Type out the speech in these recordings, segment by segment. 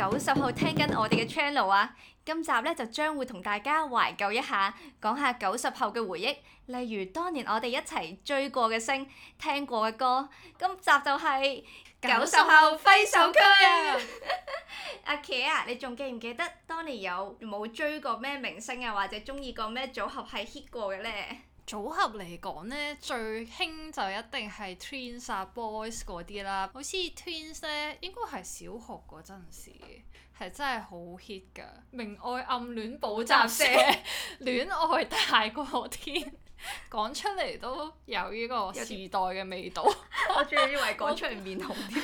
九十後聽緊我哋嘅 channel 啊，今集咧就將會同大家懷舊一下，講下九十後嘅回憶，例如當年我哋一齊追過嘅星、聽過嘅歌，今集就係九十後揮手區 啊！阿茄啊，你仲記唔記得當年有冇追過咩明星啊，或者中意過咩組合係 hit 過嘅咧？組合嚟講咧，最興就一定係 Twins 啊，Boys 嗰啲啦。好似 Twins 咧，應該係小學嗰陣時，係真係好 hit 㗎。明愛暗戀補習社， 戀愛大過天。 講出嚟都有呢個時代嘅味道， 我仲以為講出嚟面紅啲，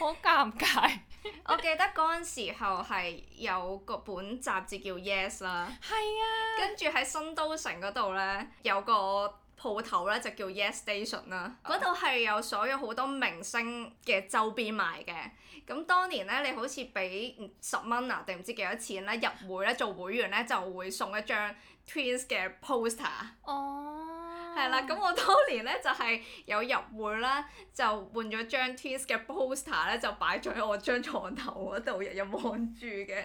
好尷尬。我記得嗰陣時候係有個本雜誌叫 Yes 啦，係啊，跟住喺新都城嗰度呢，有個。鋪頭咧就叫 Yes Station 啦，嗰、uh. 度係有所有好多明星嘅周邊賣嘅。咁當年咧，你好似俾十蚊啊，定唔知幾多錢咧、啊、入會咧做會員咧就會送一張 Twins 嘅 poster。哦、oh。係啦，咁我當年咧就係有入會啦，就換咗張 Twins 嘅 poster 咧，就擺咗喺我張床頭嗰度，日日望住嘅。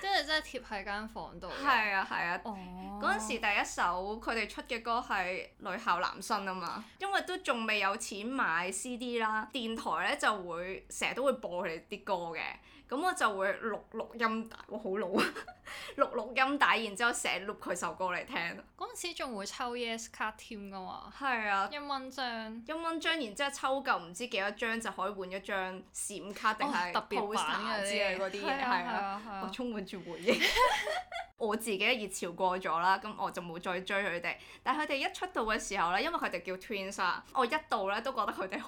即係 真係貼喺間房度。係啊係啊，啊 oh. 嗰陣時第一首佢哋出嘅歌係《女校男生》啊嘛，因為都仲未有錢買 CD 啦，電台呢就會成日都會播佢哋啲歌嘅。咁我就會錄錄音帶，我好老啊！錄錄音帶，然之後寫錄佢首歌嚟聽。嗰陣時仲會抽 yes 卡添噶喎。係啊。一蚊張。一蚊張，然之後抽夠唔知幾多張就可以換一張閃卡定係、哦、特別版之類嗰啲嘢係，我充滿住回憶。我自己熱潮過咗啦，咁我就冇再追佢哋。但係佢哋一出道嘅時候咧，因為佢哋叫 twins 啊，我一度咧都覺得佢哋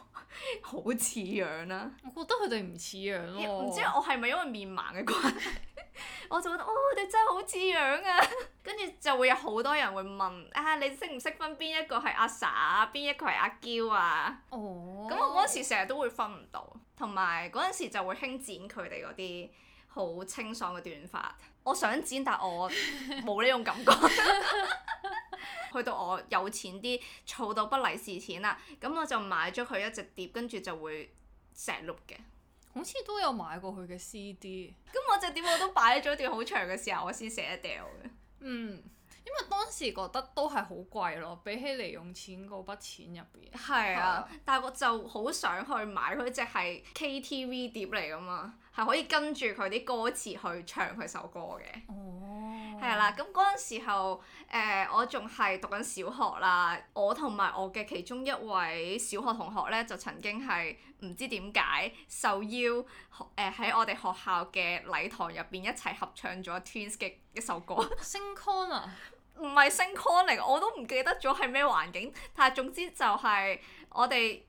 好似樣啦、啊。我覺得佢哋唔似樣喎、啊。唔知我？係咪因為面盲嘅關係， 我就覺得哦，你真係好似樣啊！跟 住就會有好多人會問啊，你識唔識分邊一個係阿 Sa 啊，邊一個係阿嬌啊？哦，咁我嗰陣時成日都會分唔到，同埋嗰陣時就會興剪佢哋嗰啲好清爽嘅短髮。我想剪，但我冇呢種感覺。 去到我有錢啲，儲到啲利是錢啦，咁我就買咗佢一隻碟，跟住就會石碌嘅。好似都有買過佢嘅 CD，咁 我隻碟我都擺咗一段好長嘅時候，我先捨得掉嘅。 嗯，因為當時覺得都係好貴咯，比起嚟用錢嗰筆錢入邊。係啊， 但係我就好想去買佢只係 KTV 碟嚟㗎嘛，係可以跟住佢啲歌詞去唱佢首歌嘅。嗯。係啦，咁嗰陣時候，誒、呃、我仲係讀緊小學啦。我同埋我嘅其中一位小學同學咧，就曾經係唔知點解受邀誒喺我哋學校嘅禮堂入邊一齊合唱咗 Twins 嘅一首歌，哦。Sing Con 啊？唔係 Sing Con 嚟，我都唔記得咗係咩環境。但係總之就係我哋。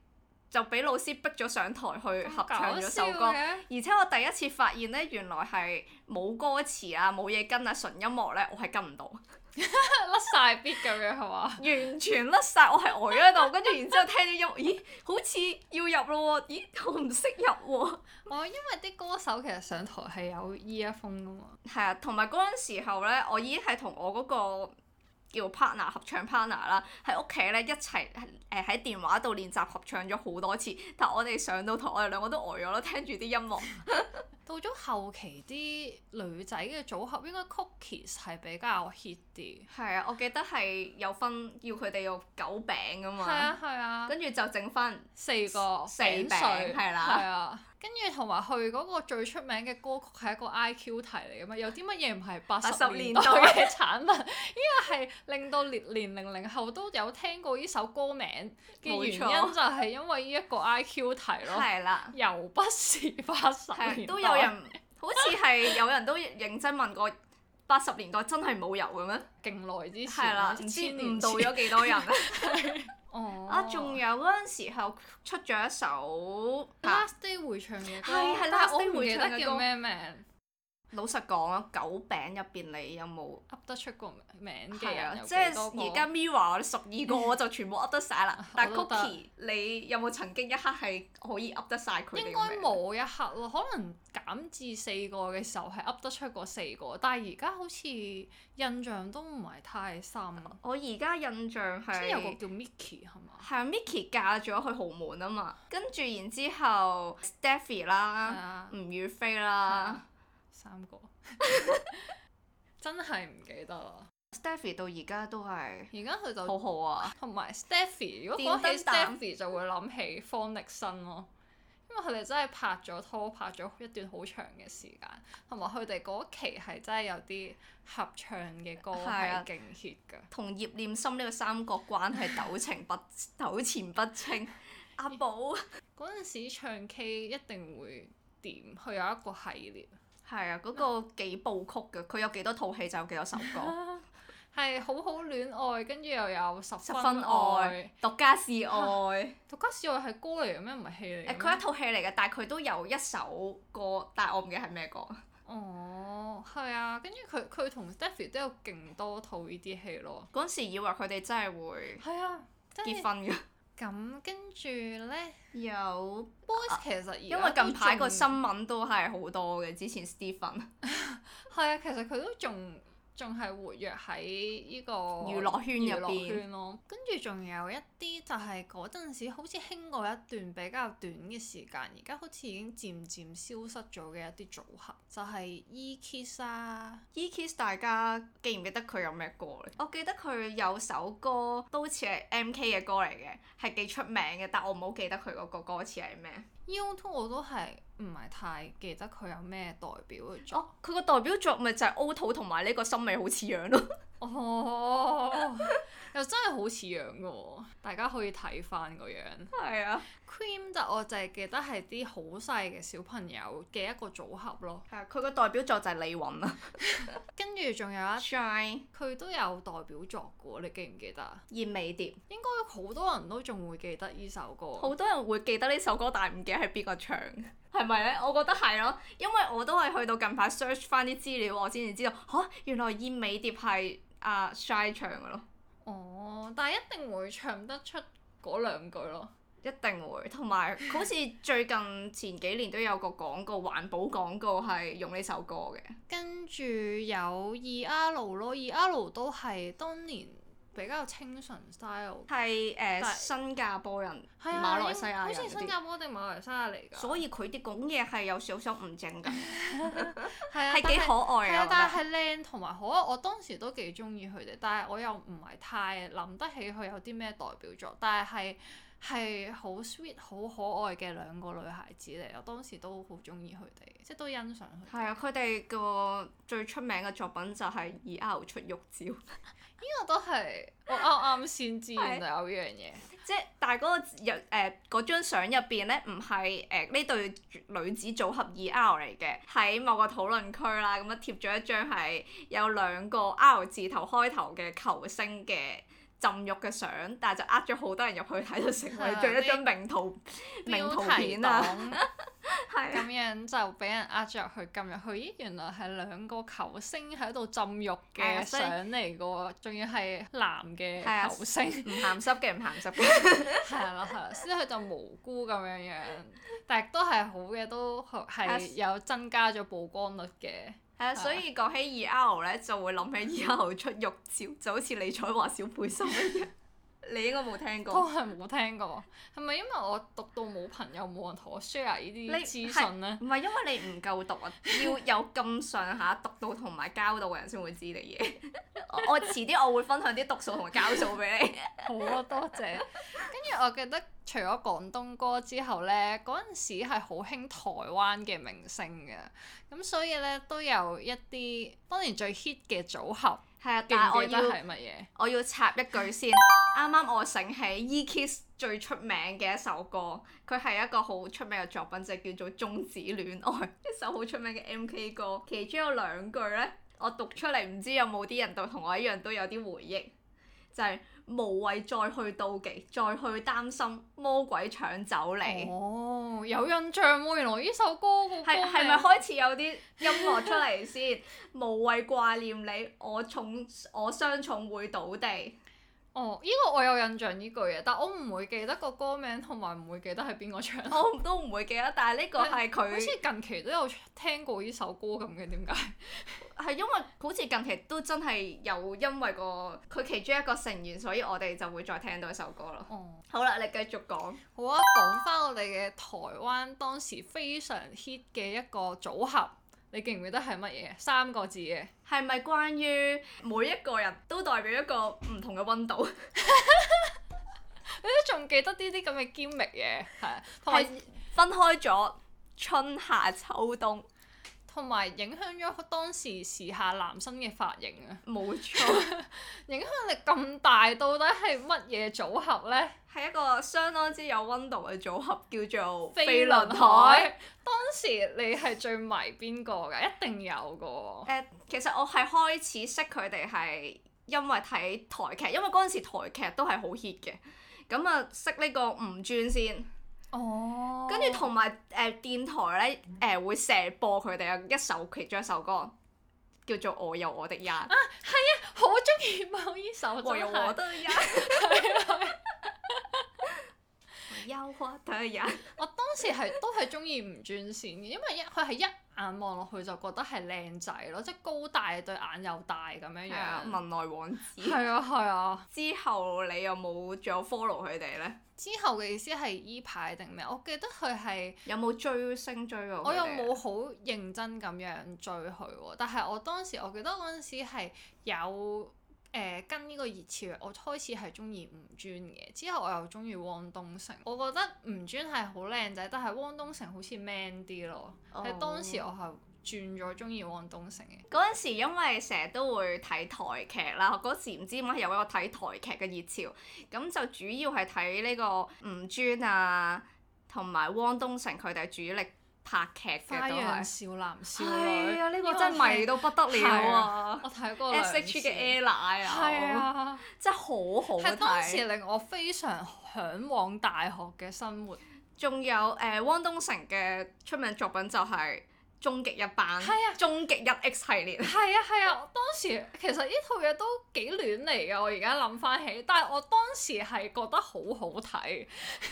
就俾老師逼咗上台去合唱咗首歌，而且我第一次發現呢，原來係冇歌詞啊，冇嘢跟啊，純音樂呢，我係跟唔到，甩晒。曬啲咁樣係嘛？完全甩晒。 我係呆咗喺度，跟住然之後，後聽啲音， 咦，好似要入咯喎，咦，我唔識入喎，我、哦、因為啲歌手其實上台係有 earphone 噶嘛，係啊，同埋嗰陣時候呢，我已經係同我嗰、嗰個。叫 partner，合唱 partner 啦，喺屋企咧一齊誒喺電話度練習合唱咗好多次，但我哋上到台，我哋兩個都呆咗咯，聽住啲音樂。 到咗後期啲女仔嘅組合應該 Cookies 係比較 hit 啲。係啊，我記得係有分要佢哋要九餅噶嘛。係啊，係啊。跟住就剩翻四個四餅，係啦。係啊。跟住同埋佢嗰個最出名嘅歌曲係一個 I.Q. 題嚟㗎嘛？有啲乜嘢唔係八十年代嘅產物，呢個係令到年年零零後都有聽過呢首歌名嘅原因，就係因為呢一個 I.Q. 題咯。係啦沒錯。又 不是八十年代。 有都有。人 好似係有人都認真問過八十年代真係冇油嘅咩？勁耐之前，啊，唔了年知唔到咗幾多人啊！啊，仲有嗰陣時候出咗一首《Last Day 回唱嘅歌》，係係啦，但是 我唔記得叫咩名。老實講，九餅入邊你有冇噏得出個名嘅名？啊、即係而家 Mirror，十二個，我 就全部噏得晒啦。但係 Cookie，你有冇曾經一刻係可以噏得晒佢哋嘅，應該冇一刻咯，可能減至四個嘅時候係噏得出嗰四個，但係而家好似印象都唔係太深啊。我而家印象即係有個叫 Mickey 係嘛？係 Mickey 嫁咗去豪門啊嘛，跟住然之後 Stephy 啦，啊、吳雨霏啦。三個 真係唔記得啦。Stephy 到而家都係而家佢就好好啊。同埋 Stephy，如果講起 Stephy 就會諗起方力申咯。哦，因為佢哋真係拍咗拖，拍咗一段好長嘅時間。同埋佢哋嗰期係真係有啲合唱嘅歌係勁血㗎。同葉念琛呢個三角關係糾纏不糾纏 不清。阿寶嗰陣、欸、 時唱 K 一定會點，佢有一個系列。係啊，嗰、那個幾部曲噶，佢有幾多套戲就有幾多首歌。係 好好戀愛，跟住又有十分愛、獨家試愛。獨家試愛係、啊、歌嚟嘅咩？唔係戲嚟。誒、欸，佢一套戲嚟嘅，但係佢都有一首歌，但係我唔記得係咩歌。哦，係啊，跟住佢佢同 Stephy 都有勁多套呢啲戲咯。嗰陣時以為佢哋真係會係啊結婚㗎、啊。咁跟住咧有 boys、啊、其實因為近排個新聞都係好多嘅，之前 Steven 係 啊，其實佢都仲。仲係活躍喺呢個娛樂圈入邊咯，跟住仲有一啲就係嗰陣時好似興過一段比較短嘅時間，而家好似已經漸漸消失咗嘅一啲組合，就係 E-kids 啊。E-kids 大家記唔記得佢有咩歌咧？我記得佢有首歌都似係 MK 嘅歌嚟嘅，係幾出名嘅，但我唔好記得佢嗰個歌詞係咩。YouTube 我都係唔係太記得佢有咩代表作？哦，佢個代表作咪就係 Oto 同埋呢個森美好似樣咯。哦，oh, 又真係好似樣嘅喎，大家可以睇翻個樣。係啊，Cream 就我淨係記得係啲好細嘅小朋友嘅一個組合咯。係啊，佢個代表作就係李允啦。 跟住仲有一，佢都 Shine 有代表作嘅喎，你記唔記得？燕尾蝶應該好多人都仲會記得呢首歌。好多人會記得呢首歌，但係唔記得係邊個唱。係咪 呢？我覺得係咯，因為我都係去到近排 search 翻啲資料，我先至知道嚇，原來燕尾蝶係。啊、uh，Shine 唱嘅咯。哦，oh, 但係一定會唱得出嗰兩句咯，一定會，同埋好似最近前幾年都有個廣告，環 保廣告係用呢首歌嘅，跟住，有 2R 咯，2R 都係當年。比較清純 style，係誒新加坡人、啊、馬來西亞人嗰啲，好似新加坡定馬來西亞嚟㗎。所以佢啲講嘢係有少少唔正㗎，係幾 可愛 是啊！但係靚同埋可，我當時都幾中意佢哋，但係我又唔係太諗得起佢有啲咩代表作，但係。係好 sweet、好可愛嘅兩個女孩子嚟，我當時都好中意佢哋，即係都欣賞佢哋。係啊，佢哋個最出名嘅作品就係、是、2R 出浴照。呢個都係我啱啱先知，原來有呢樣嘢。即係但係嗰個入誒嗰張相入邊咧，唔係誒呢對女子組合 2R 嚟嘅，喺某個討論區啦咁樣貼咗一張係有兩個 R 字頭開頭嘅球星嘅。浸浴嘅相，但係就呃咗好多人入去睇，就成為咗一張名圖、題名圖片啊、嗯，咁、嗯、樣就俾人呃咗入去撳入去，咦，原來係兩個球星喺度浸浴嘅相嚟嘅喎，仲要係男嘅球星，唔鹹濕嘅，唔鹹濕嘅。係啦，係啦，所 以佢就無辜咁樣樣，但係都係好嘅，都係有增加咗曝光率嘅。係啊，uh, Yeah. 所以講起 E 阿豪咧，就會諗起 E 阿豪出玉照， 就好似李彩華小佩森一樣。 你應該冇聽，聽過，我係冇聽過，係咪因為我讀到冇朋友冇人同我 share 呢啲資訊呢？唔係因為你唔夠讀啊，要有咁上下讀到同埋交到嘅人先會知你嘢。 我我遲啲我會分享啲讀數同埋交數俾你。 好啊，多謝。跟住 我記得除咗廣東歌之後呢，嗰陣時係好興台灣嘅明星嘅，咁所以呢，都有一啲當年最 hit 嘅組合。係啊，但係我要記記得，我要插一句先，啱啱 我醒起 E-kids 最出名嘅一首歌，佢係一個好出名嘅作品，就叫做《終止戀愛》。一首好出名嘅 M.K. 歌，其中有兩句呢，我讀出嚟，唔知有冇啲人就同我一樣都有啲回憶。就係無謂再去妒忌，再去擔心魔鬼搶走你。哦，有印象喎，原來呢首歌個歌係咪開始有啲音樂出嚟先？ 無謂掛念你，我重我傷重會倒地。哦，依、呢個我有印象，呢句嘢，但我唔會記得個歌名，同埋唔會記得係邊個唱。 我都唔會記得，但係呢個係佢、嗯。好似近期都有聽過呢首歌咁嘅，點解？係因為好似近期都真係有因為個佢其中一個成員，所以我哋就會再聽到一首歌咯。嗯、好啦，你繼續講。好啊，講翻我哋嘅台灣當時非常 hit 嘅一個組合。你記唔記得係乜嘢？三個字嘅，係咪關於每一個人都代表一個唔同嘅温度？ 你都仲記得呢啲咁嘅 gimmick 嘅？係啊，同埋分開咗春夏秋冬。同埋影響咗當時時下男生嘅髮型啊！冇沒錯， 影響力咁大，到底係乜嘢組合呢？係一個相當之有温度嘅組合，叫做飛輪海。輪海，當時你係最迷邊個㗎？一定有個、呃、其實我係開始識佢哋係因為睇台劇，因為嗰陣時台劇都係好 hit 嘅，咁啊識呢個吳尊先。哦，跟住同埋誒電台咧，誒、呃、會成日播佢哋啊，一首其中一首歌叫做《我有我的人》啊，係啊，好鍾意某一首《我有我，我的人。》 憂鬱對眼，我當時係都係中意唔轉線嘅，因為一佢係一眼望落去就覺得係靚仔咯，即係高大對眼又大咁樣樣，文萊王子。係啊係啊！之後你有冇仲有，有 follow 佢哋咧？之後嘅意思係依排定咩？我記得佢係有冇追星追我？我又冇好認真咁樣追佢喎，但係我當時我記得嗰陣時係有。誒、呃、跟呢個熱潮，我開始係中意吳尊嘅，之後我又中意汪東城。我覺得吳尊係好靚仔，但係汪東城好似 man 啲咯。係、oh。當時我係轉咗中意汪東城嘅。嗰陣時因為成日都會睇台劇啦，嗰時唔知點解有一個睇台劇嘅熱潮，咁就主要係睇呢個吳尊啊，同埋汪東城佢哋主力。拍劇嘅都係，少男少女，呢個真係迷到不得了是啊！我睇過 S.H.E 嘅《SH e、Air》啊，真係好好睇。係當時令我非常嚮往大學嘅生活。仲有誒、呃，汪東城嘅出名作品就係、是。終極一班，係啊，終極一 X 系列，啊，係啊係啊，當時其實呢套嘢都幾亂嚟㗎，我而家諗翻起，但係我當時係覺得好好睇，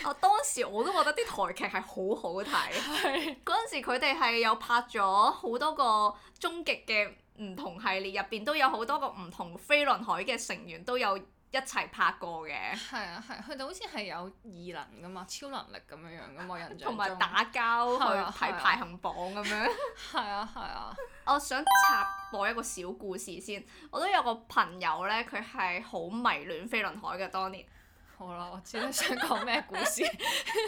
啊，我當時我都覺得啲台劇係好好睇，嗰陣，啊、時佢哋係有拍咗好多個終極嘅唔同系列面，入邊都有好多個唔同飛輪海嘅成員都有。一齊拍過嘅、啊，係啊係，佢哋好似係有異能噶嘛，超能力咁樣樣噶嘛，印象中同埋打交去睇排行榜咁樣。係啊係啊。啊啊啊啊，我想插播一個小故事先，我都有個朋友咧，佢係好迷戀飛輪海嘅當年。好啦，我知你想講咩故事。咁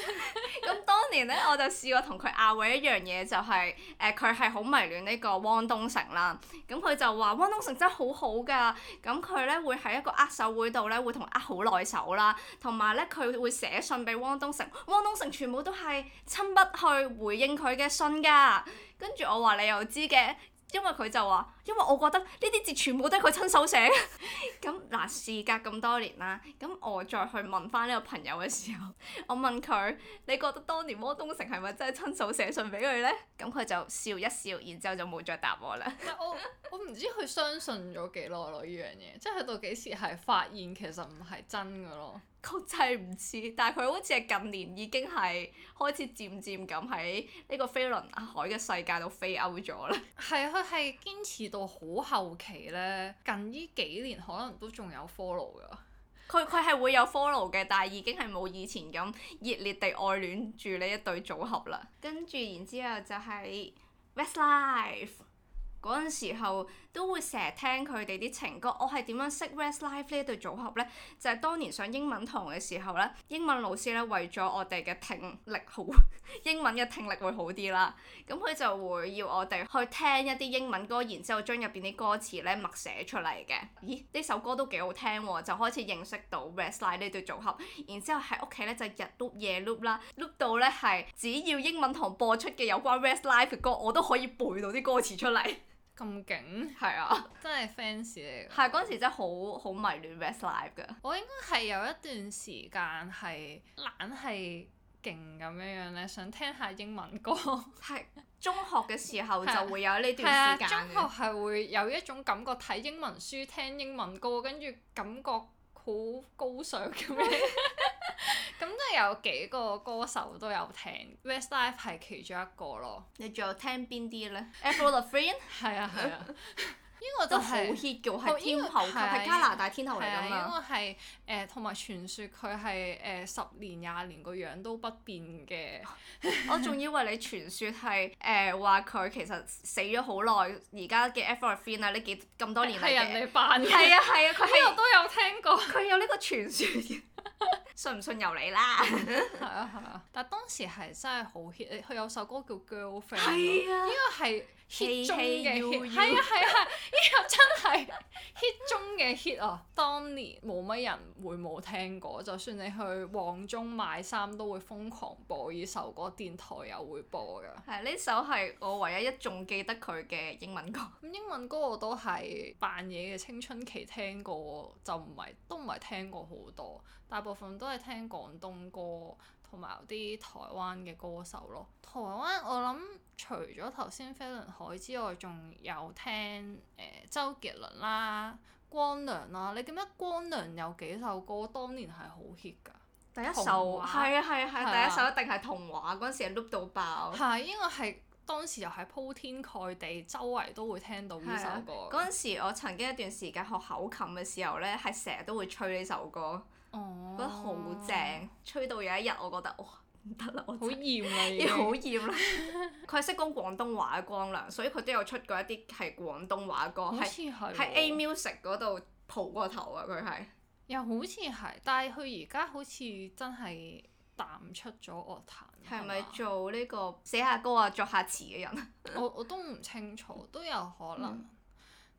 當年咧，我就試過同佢拗過一樣嘢，就係誒佢係好迷戀呢個汪東城啦。咁、嗯、佢就話汪東城真係好好㗎。咁佢咧會喺一個握手會度咧會同握好耐手啦，同埋咧佢會寫信俾汪東城。汪東城全部都係親筆去回應佢嘅信㗎。跟住我話你又知嘅，因為佢就話。因為我覺得呢啲字全部都係佢親手寫。咁 嗱、啊，事隔咁多年啦，咁我再去問翻呢個朋友嘅時候，我問佢：你覺得當年汪東城係咪真係親手寫信俾佢呢？」咁佢就笑一笑，然之後就冇再答我啦。 但係我我唔知佢相信咗幾耐咯，呢樣嘢，即係到幾時係發現其實唔係真嘅咯。確係唔知，但係佢好似係近年已經係開始漸漸咁喺呢個飛輪海嘅世界度飛歐咗啦。係 啊，佢係堅持到。我好、哦、後期咧，近呢幾年可能都仲有 follow 㗎，佢佢係會有 follow 嘅，但係已經係冇以前咁熱烈地愛戀住呢一對組合啦。跟住然之後就係 Westlife 嗰陣時候。都會成日聽佢哋啲情歌。我係點樣識 Westlife 呢對組合呢？就係當年上英文堂嘅時候咧，英文老師咧為咗我哋嘅聽力好，英文嘅聽力會好啲啦。咁佢就會要我哋去聽一啲英文歌，然之後將入邊啲歌詞咧默寫出嚟嘅。咦？呢首歌都幾好聽喎！就開始認識到 Westlife 呢對組合。然之後喺屋企呢，就日碌夜碌啦，碌到呢係只要英文堂播出嘅有關 Westlife 嘅歌，我都可以背到啲歌詞出嚟。咁勁，係啊， 真係 fans 嚟嘅。係嗰陣時真係好好迷戀 Westlife 嘅。我應該係有一段時間係懶係勁咁樣樣咧，想聽下英文歌。 係 中學嘅時候就會有呢段時間。中學係會有一種感覺，睇英文書、聽英文歌，跟住感覺好高尚咁樣。咁即係有幾個歌手都有聽，Westlife 係其中一個咯。你仲有聽邊啲呢？Avril Lavigne？係啊係啊，呢個都好 hit 嘅，係天后級，係加拿大天后嚟㗎嘛。因為係誒，同埋傳説佢係誒十年廿年個樣都不變嘅。我仲以為你傳説係誒話佢其實死咗好耐，而家嘅 Avril Lavigne 啊呢幾咁多年係人嚟扮嘅。係啊係啊，佢呢個都有聽過。佢有呢個傳説嘅。信唔信由你啦，係 啊係啊，但當時係真係好 hit，佢有首歌叫 Girlfriend，呢、啊、個係。hit Hey 中嘅 hit，係啊係啊，呢個、啊啊、 真係 hit 中嘅 hit 啊！當年冇乜人會冇聽過，就算你去旺中買衫都會瘋狂播，呢首歌電台又會播噶。係呢首係我唯一一仲記得佢嘅英文歌。咁英文歌我都係扮嘢嘅青春期聽過，就唔係都唔係聽過好多，大部分都係聽廣東歌。同埋有啲台灣嘅歌手咯，台灣我諗除咗頭先飛輪海之外，仲有聽誒、呃、周杰倫啦、光良啦。你記唔記得光良有幾首歌當年係好 hit 㗎？第一首係啊係啊係第一首，一定係童話嗰陣、啊啊、時，loop 到爆。係、啊，因為係當時又係鋪天蓋地，周圍都會聽到呢首歌。嗰陣、啊、時我曾經一段時間學口琴嘅時候咧，係成日都會吹呢首歌。哦，oh。覺得好正，吹到有一日我覺得，哇唔得啦！我好厭啦，已經好厭啦。佢係識講廣東話嘅光良，所以佢都有出過一啲係廣東話歌。好似係喺 A Music 嗰度蒲過頭啊！佢係又好似係，但係佢而家好似真係淡出咗樂壇。係咪做呢個寫下歌啊、作下詞嘅人？ 我我都唔清楚，都有可能。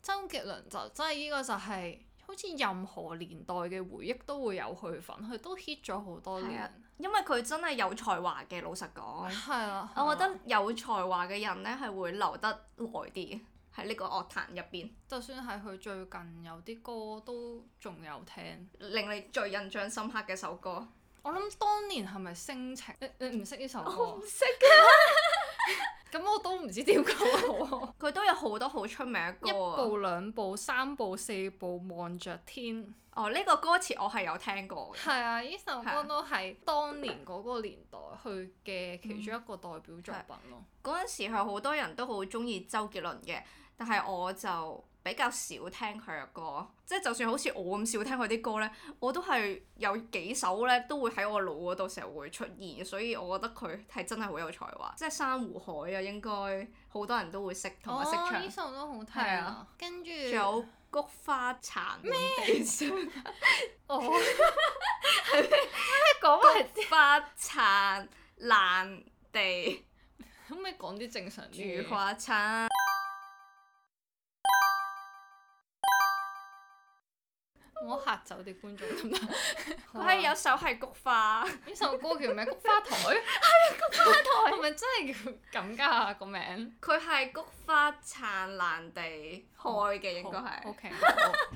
周杰倫就真係呢個就係、是。好似任何年代嘅回憶都會有佢份，佢都 hit 咗好多年。啊、因為佢真係有才華嘅，老實講。係啊。啊我覺得有才華嘅人呢係會留得耐啲喺呢個樂壇入邊。就算係佢最近有啲歌都仲有聽。令你最印象深刻嘅首歌，我諗當年係咪《星晴》？你你唔識呢首歌？唔識㗎。 咁我都唔知點講喎，佢都有好多好出名嘅歌，一步兩步三步四步望著天。哦，呢個歌詞我係有聽過嘅。係啊，呢首歌都係當年嗰個年代去嘅其中一個代表作品咯。啊，嗯，啊，嗰陣時係好多人都好中意周杰倫嘅。但係我就比較少聽佢嘅歌，即、就、係、是、就算好似我咁少聽佢啲歌呢，我都係有幾首呢都會喺我腦嗰度成日會出現，所以我覺得佢係真係好有才華。即、就、係、是、珊瑚海啊，應該好多人都會識同埋識唱。呢、哦、首都好聽。係啊。跟住、仲有菊花殘。咩？我。係咩？講乜？菊花殘，地。可唔可以講啲正常啲？菊花殘。我嚇走啲觀眾得唔得？佢係有首係菊花、啊。呢首歌叫咩？菊花台。係 啊，菊花台。係咪真係叫咁噶個名？佢係菊花燦爛地開嘅，哦、應該係。O、okay, K。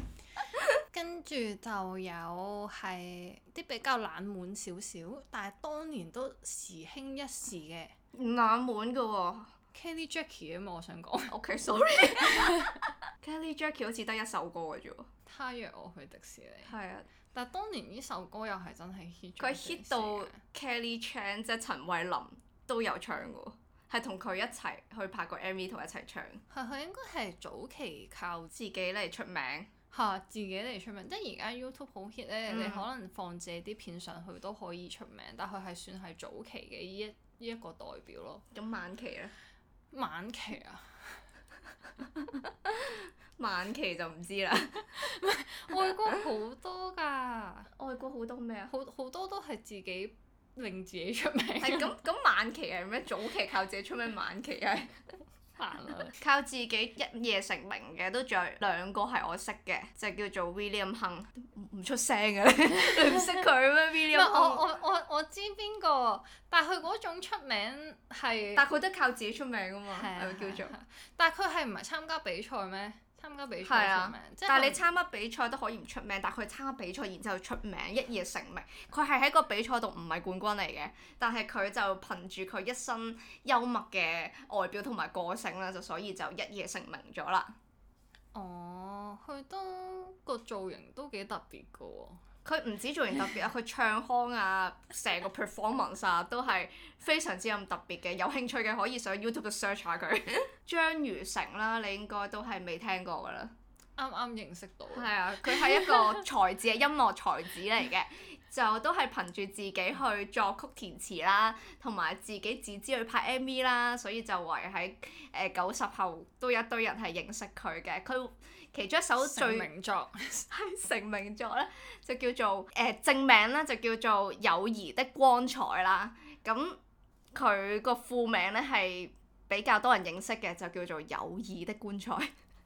跟住就有係啲比較冷門少少，但係當年都時興一時嘅。唔冷門噶喎，Kelly Jackie 啊嘛， 我想講。O K，sorry。Kelly Jackie 好似得一首歌嘅啫喎。他約我去迪士尼。係啊，但係當年呢首歌又係真係 hit 佢 hit 到 Kelly Chan 即係陳慧琳都有唱喎，係同佢一齊去拍個 MV 同一齊唱。係佢應該係早期靠自己嚟出名，嚇、啊、自己嚟出名。即係而家 YouTube 好 hit 咧、嗯，你可能放自己啲片上去都可以出名，但係佢係算係早期嘅依一依一個代表咯。咁晚期咧？晚期啊！ 晚期就唔知啦， 外國好多噶， 外國好多咩啊？好好多都係自己令自己出名， 係咁咁晚期係咩？早期靠自己出名，晚期係難啦。 煩了 靠自己一夜成名嘅都仲有兩個係我識嘅，就係、叫做 William Hung，唔出聲嘅、啊、 你唔識佢咩？William， 我我我我知邊個，但係佢嗰種出名係，但佢都靠自己出名㗎嘛，係咪叫做？ 但佢係唔係參加比賽咩？參加比賽出名，啊、是但係你參加比賽都可以唔出名。我但係佢參加比賽，然之後出名，一夜成名。佢係喺個比賽度唔係冠軍嚟嘅，但係佢就憑住佢一身幽默嘅外表同埋個性啦，就所以就一夜成名咗啦。哦，佢都、個造型都幾特別㗎喎、哦。佢唔止造型特別啊，佢唱腔啊，成個 performance 啊都係非常之咁特別嘅。有興趣嘅可以上 YouTube 度 search 下佢。張 如城啦，你應該都係未聽過㗎啦。啱啱認識到。係啊，佢係一個才子，係音樂才子嚟嘅。 就都係憑住自己去作曲填詞啦，同埋自己自資去拍 MV 啦，所以就圍喺誒九十後都有一堆人係認識佢嘅。佢其中一首最名作係成名作咧、 呃，就叫做誒正名咧，就叫做《友誼的光彩》啦。咁佢個副名咧係比較多人認識嘅，就叫做友《友誼的棺材》。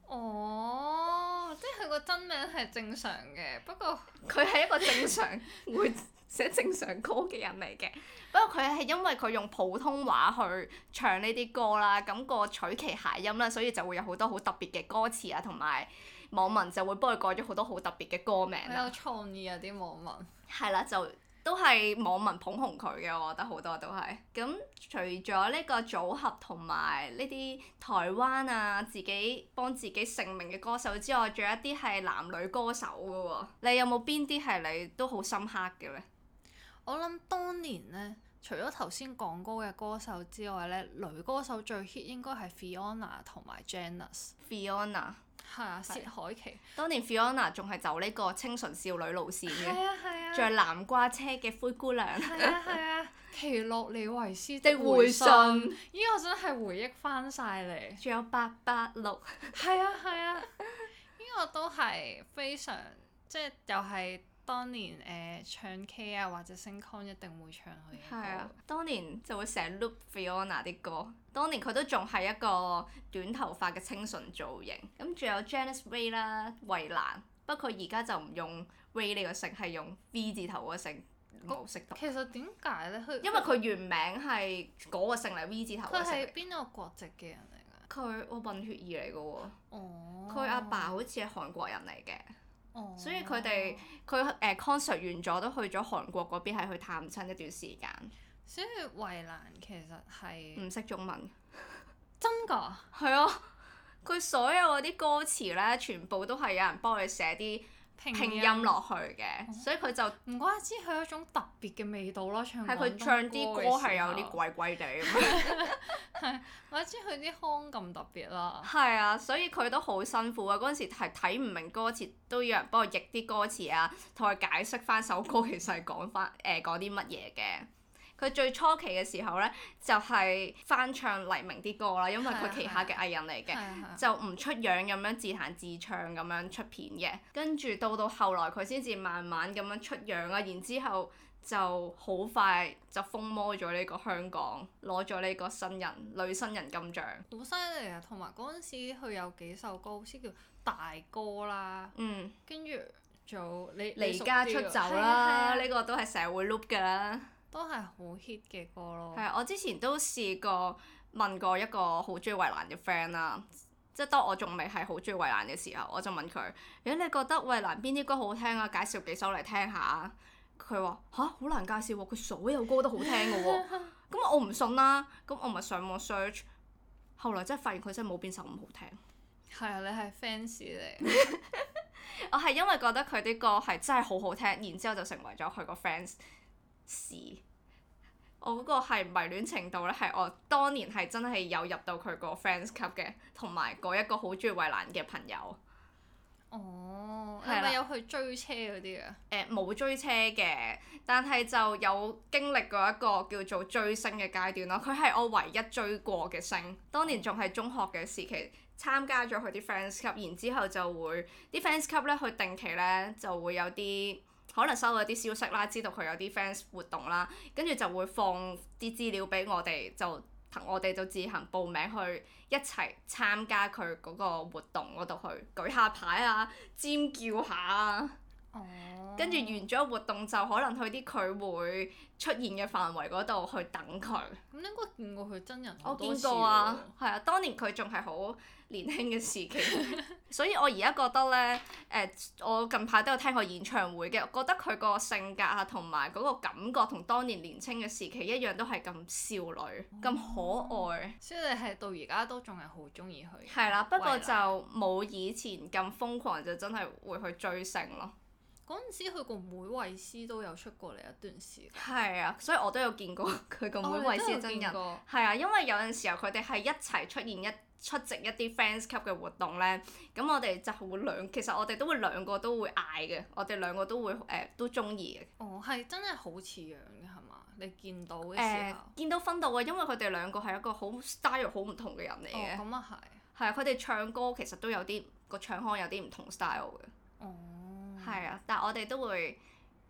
哦。即係佢個真名係正常嘅，不過佢係一個正常 會寫正常歌嘅人嚟嘅。 不過佢係因為佢用普通話去唱呢啲歌啦，咁個取其諧音啦，所以就會有好多好特別嘅歌詞啊，同埋網民就會幫佢改咗好多好特別嘅歌名。好有創意啊！啲網民係啦， 就。都係網民捧紅佢嘅，我覺得好多都係。咁除咗呢個組合同埋呢啲台灣啊，自己幫自己成名嘅歌手之外，仲有一啲係男女歌手㗎喎。你有冇邊啲係你都好深刻嘅呢？我諗當年呢，除咗頭先講過嘅歌手之外呢，女歌手最 hit 應該係 Fiona 同埋 Janice。Fiona。係啊，薛凱琪。當年 Fiona 仲係走呢個清純少女路線嘅，仲、啊啊、有南瓜車嘅灰姑娘。係啊係啊。奇洛里維斯的回信，呢個真係回憶翻晒嚟。仲有八八六。係啊係啊。呢、啊、 個都係非常，即係又係。當年誒、呃、唱 K 啊或者 sing con 一定會唱佢嘅歌。係啊，當年就會成 loop Fiona 啲歌。當年佢都仲係一個短頭髮嘅清純造型。咁仲有 Janice Ray 啦，衞蘭。不過而家就唔用 Ray 呢個姓，係用 V 字頭嘅姓。我唔識那得懂。其實點解咧？佢因為佢原名係嗰個姓嚟，V 字頭姓。佢係邊一個國籍嘅人嚟㗎？佢混血兒嚟㗎喎。哦。佢阿爸，爸好似係韓國人嚟嘅。所以佢哋佢誒 concert 完咗都去咗韓國嗰邊，係去探親一段時間。所以衛蘭其實係唔識中文。真噶的係 啊，佢所有嗰啲歌詞咧，全部都係有人幫佢寫啲。拼音落去嘅，所以佢就唔怪之佢有一種特別嘅味道咯、啊。唱係佢唱啲歌係有啲鬼鬼地，係唔怪之佢啲腔咁特別啦。係啊， 所以佢都好辛苦啊。嗰陣時係睇唔明歌詞，都要人幫佢譯啲歌詞啊，同佢解釋翻首歌其實係講翻誒講啲乜嘢嘅。 佢最初期嘅時候咧，就係、是、翻唱黎明啲歌啦，因為佢旗下嘅藝人嚟嘅，是是是就唔出樣咁樣自彈自唱咁樣出片嘅。跟住到到後來，佢先至慢慢咁樣出樣啊，然之後就好快就風魔咗呢個香港，攞咗呢個新人女新人金獎，好犀利啊！同埋嗰陣時佢有幾首歌，好似叫《大哥》啦，嗯，跟住就你離家出走啦，呢、啊啊、個都係社會 loop 噶。都係好 hit 嘅歌咯。係啊，我之前都試過問過一個好中意衞蘭嘅 friend 啦，即係當我仲未係好中意衞蘭嘅時候，我就問佢：咦、欸，你覺得衞蘭邊啲歌好聽啊？介紹幾首嚟聽下。佢話：吓，好難介紹喎、啊，佢所有歌都好聽嘅喎、啊。咁 我唔信啦、啊，咁我咪上網 search。後來真係發現佢真係冇邊首唔好聽。係啊，你係 fans 嚟。我係因為覺得佢啲歌係真係好好聽，然之後就成為咗佢個 fans。事，我嗰個係迷戀程度咧，係我當年係真係有入到佢個 fans club 嘅，同埋嗰一個好中意衛蘭嘅朋友。哦，係咪了有，有去追車嗰啲啊？誒、呃，冇追車嘅，但係就有經歷過一個叫做追星嘅階段咯。佢係我唯一追過嘅星，當年仲係中學嘅時期參加咗佢啲 fans club，然之後就會啲 fans club 咧，佢定期咧就會有啲。可能收到啲消息啦，知道佢有啲 fans 活動啦，跟住就會放啲資料俾我哋，就同我哋就自行報名去一齊參加佢嗰個活動嗰度去舉下牌啊，尖叫下啊～跟住、哦、完咗活動就可能去啲佢會出現嘅範圍嗰度去等佢。咁應該見過佢真人好多次。我見過啊，係 啊，當年佢仲係好年輕嘅時期， 所以我而家覺得呢，誒、呃，我近排都有聽過演唱會嘅，我覺得佢個性格啊同埋嗰個感覺同當年年輕嘅時期一樣，都係咁少女、咁、哦、可愛、哦嗯。所以你係到而家都仲係好中意佢？係啦、啊，不過就冇以前咁瘋狂，就真係會去追星咯。嗰陣時，佢個妹衛詩都有出過嚟一段時間。係啊，所以我都有見過佢個妹衛詩真人。係、哦、啊，因為有陣時候佢哋係一齊出現一出席一啲 fans club 嘅活動咧。咁我哋就係會兩，其實我哋都會兩個都會嗌嘅，我哋兩個都會誒、呃、都中意。嘅。哦，係真係好似樣嘅，係嘛？你見到嘅時候。誒、呃，見到分到嘅，因為佢哋兩個係一個好 style 好唔同嘅人嚟嘅。咁啊係。係啊，佢哋唱歌其實都有啲個唱腔有啲唔同 style 嘅。哦、嗯。係啊，但我哋都會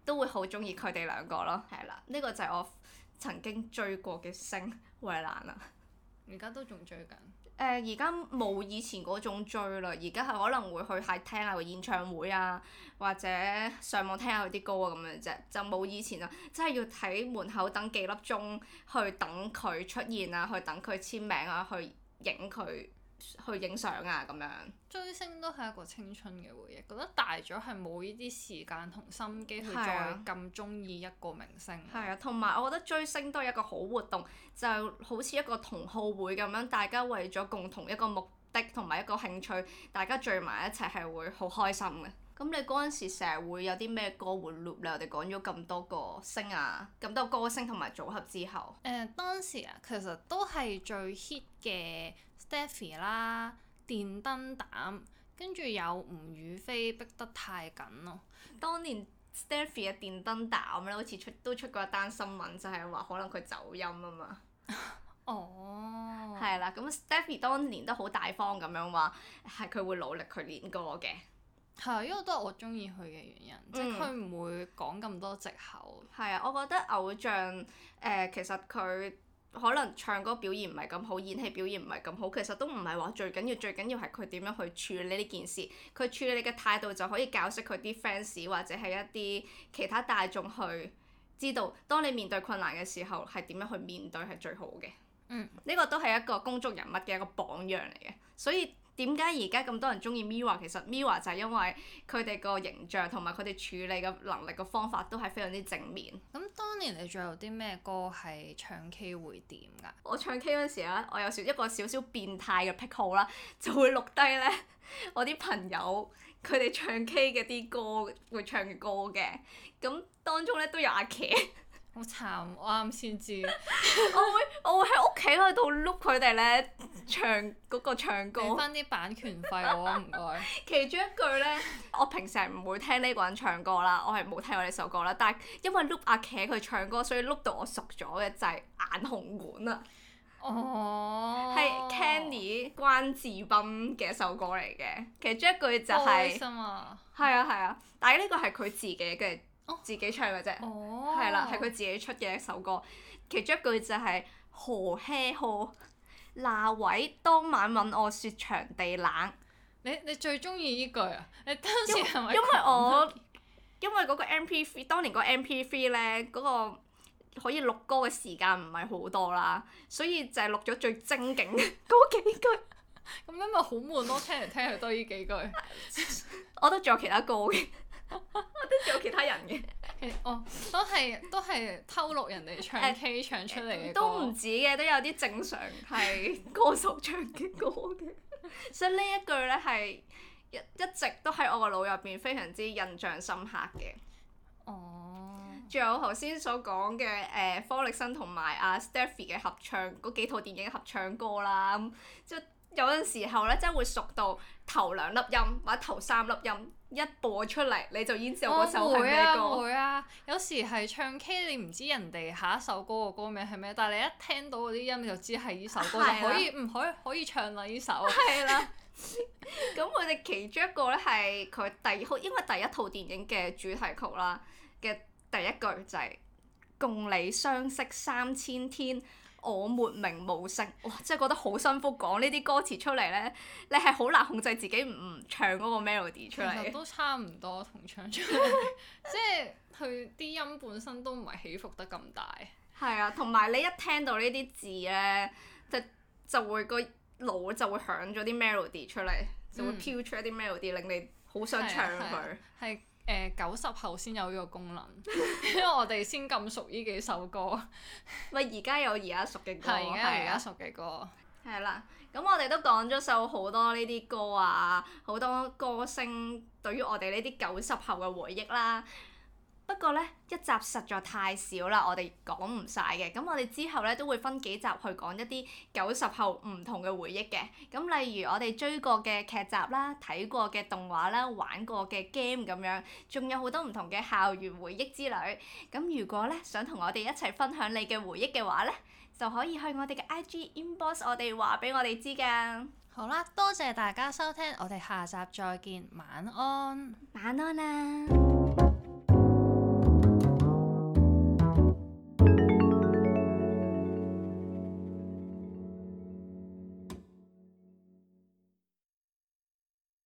都會好中意佢哋兩個咯。係啦的，呢個就係我曾經追過嘅星衛蘭啦。而家、啊、都仲追緊。誒、呃，而家冇以前嗰種追啦，而家係可能會去睇聽下佢演唱會啊，或者上網聽下佢啲歌啊咁樣啫，就冇以前啦。真係要喺門口等幾粒鐘去等佢出現啊，去等佢簽名啊，去影佢。去影相啊咁樣，追星都係一個青春嘅回憶。覺得大咗係冇呢啲時間同心機去再咁鍾意一個明星。係啊，同埋我覺得追星都係一個好活動，就好似一個同好會咁樣，大家為咗共同一個目的同埋一個興趣，大家聚埋一齊係會好開心嘅。咁你嗰陣時成日會有啲咩歌會錄咧？我哋講咗咁多個星啊，咁多歌星同埋組合之後，誒、呃、當時啊，其實都係最 hit 嘅 Stephy 啦，電燈膽，跟住有吳雨霏逼得太緊咯。當年 Stephy 嘅電燈膽咧，好似出都出過一單新聞，就係話可能佢走音啊嘛。 哦，係啦，咁 Stephy 當年都好大方咁樣話，係佢會努力去練歌嘅。係因為都係我中意佢嘅原因，嗯、即係佢唔會講咁多藉口。係啊，我覺得偶像誒、呃，其實佢可能唱歌表現唔係咁好，演戲表現唔係咁好，其實都唔係話最緊要，最緊要係佢點樣去處理呢件事。佢處理你嘅態度就可以教識佢啲 fans 或者係一啲其他大眾去知道，當你面對困難嘅時候係點樣去面對係最好嘅。嗯、呢個都係一個公眾人物嘅一個榜樣嚟嘅，所以。點解而家咁多人中意 MIRROR？其實 MIRROR 就係因為佢哋個形象同埋佢哋處理嘅能力嘅方法都係非常之正面。咁當年你仲有啲咩歌係唱 K 會點㗎？我唱 K 嗰陣時咧，我有少一個少少變態嘅癖好啦，就會錄低咧我啲朋友佢哋唱 K 嘅啲歌會唱嘅歌嘅，咁當中咧都有阿茄好慘，我啱先知，我會我會喺屋企嗰度 look 佢哋咧唱嗰、嗰個唱歌，俾翻啲版權費我唔該。 其中一句咧，我平時係唔會聽呢個人唱歌啦，我係冇聽過呢首歌啦。但係因為 look 阿茄佢唱歌，所以 look 到我熟咗嘅就係《眼紅館》啦、oh。哦。係 Candy 關智斌嘅首歌嚟嘅，其中一句就係、係。好心、oh, nice ,啊！係啊係啊，但係呢個係佢自己嘅。自己唱嘅啫，哦、oh.，係啦，係佢自己出嘅一首歌。其中一句就係何咩何那位當晚問我説場地冷。你你最中意呢句啊？你當時係咪因，因為我 因為嗰個 M P three，當年個 M P three 咧嗰、那個可以錄歌嘅時間唔係好多啦，所以就係錄咗最精勁嘅嗰幾句。咁因為好悶咯，聽嚟聽去都呢幾句。 我都仲有其他歌嘅。 都仲有其他人嘅，哦，都係都係偷錄人哋唱 K，uh, 唱出嚟嘅歌，都唔止嘅，都有啲正常係歌手唱嘅歌嘅。所以呢一句呢，係一一直都喺我個腦入邊非常之印象深刻嘅。哦、oh.，仲有頭先所講嘅誒，方力申同埋阿 Stephy 嘅合唱嗰幾套電影合唱歌啦，即、嗯、有陣時候呢，真係會熟到頭兩粒音或者頭三粒音。一播出嚟你就已經知道我嗰首係咩歌。會啊，會啊，有時係唱 K，你唔知人哋下一首歌個歌名係咩，但係你一聽到嗰啲音你就知係呢首歌，係啊、就可以唔可以可以唱啦呢首、啊。係啦。咁佢哋其中一個咧係佢第，因為第一套電影嘅主題曲啦嘅第一句就係、係、共你相識三千天。我沒名無姓，哇！真係覺得好辛苦，講呢啲歌詞出嚟呢，你係好難控制自己唔唱嗰個 melody 出嚟。其實都差唔多同唱出嚟， 即係佢啲音本身都唔係起伏得咁大。係啊，同埋你一聽到呢啲字呢，就就會、個腦就會響咗啲 melody 出嚟，嗯、就會飄出一啲 melody，令你好想唱佢。係、啊。誒九十後先有呢個功能，因為 我哋先咁熟呢幾首歌，咪而家有而家熟嘅歌，而家有而家熟嘅歌，係啦。咁我哋都講咗首好多呢啲歌啊，好多歌星對於我哋呢啲九十後嘅回憶啦。不過咧，一集實在太少啦，我哋講唔晒嘅。咁我哋之後咧都會分幾集去講一啲九十後唔同嘅回憶嘅。咁例如我哋追過嘅劇集啦，睇過嘅動畫啦，玩過嘅 game 咁樣，仲有好多唔同嘅校園回憶之類。咁如果咧想同我哋一齊分享你嘅回憶嘅話咧，就可以去我哋嘅 IG inbox，我哋話俾我哋知㗎。好啦，多謝大家收聽，我哋下集再見，晚安。晚安啦。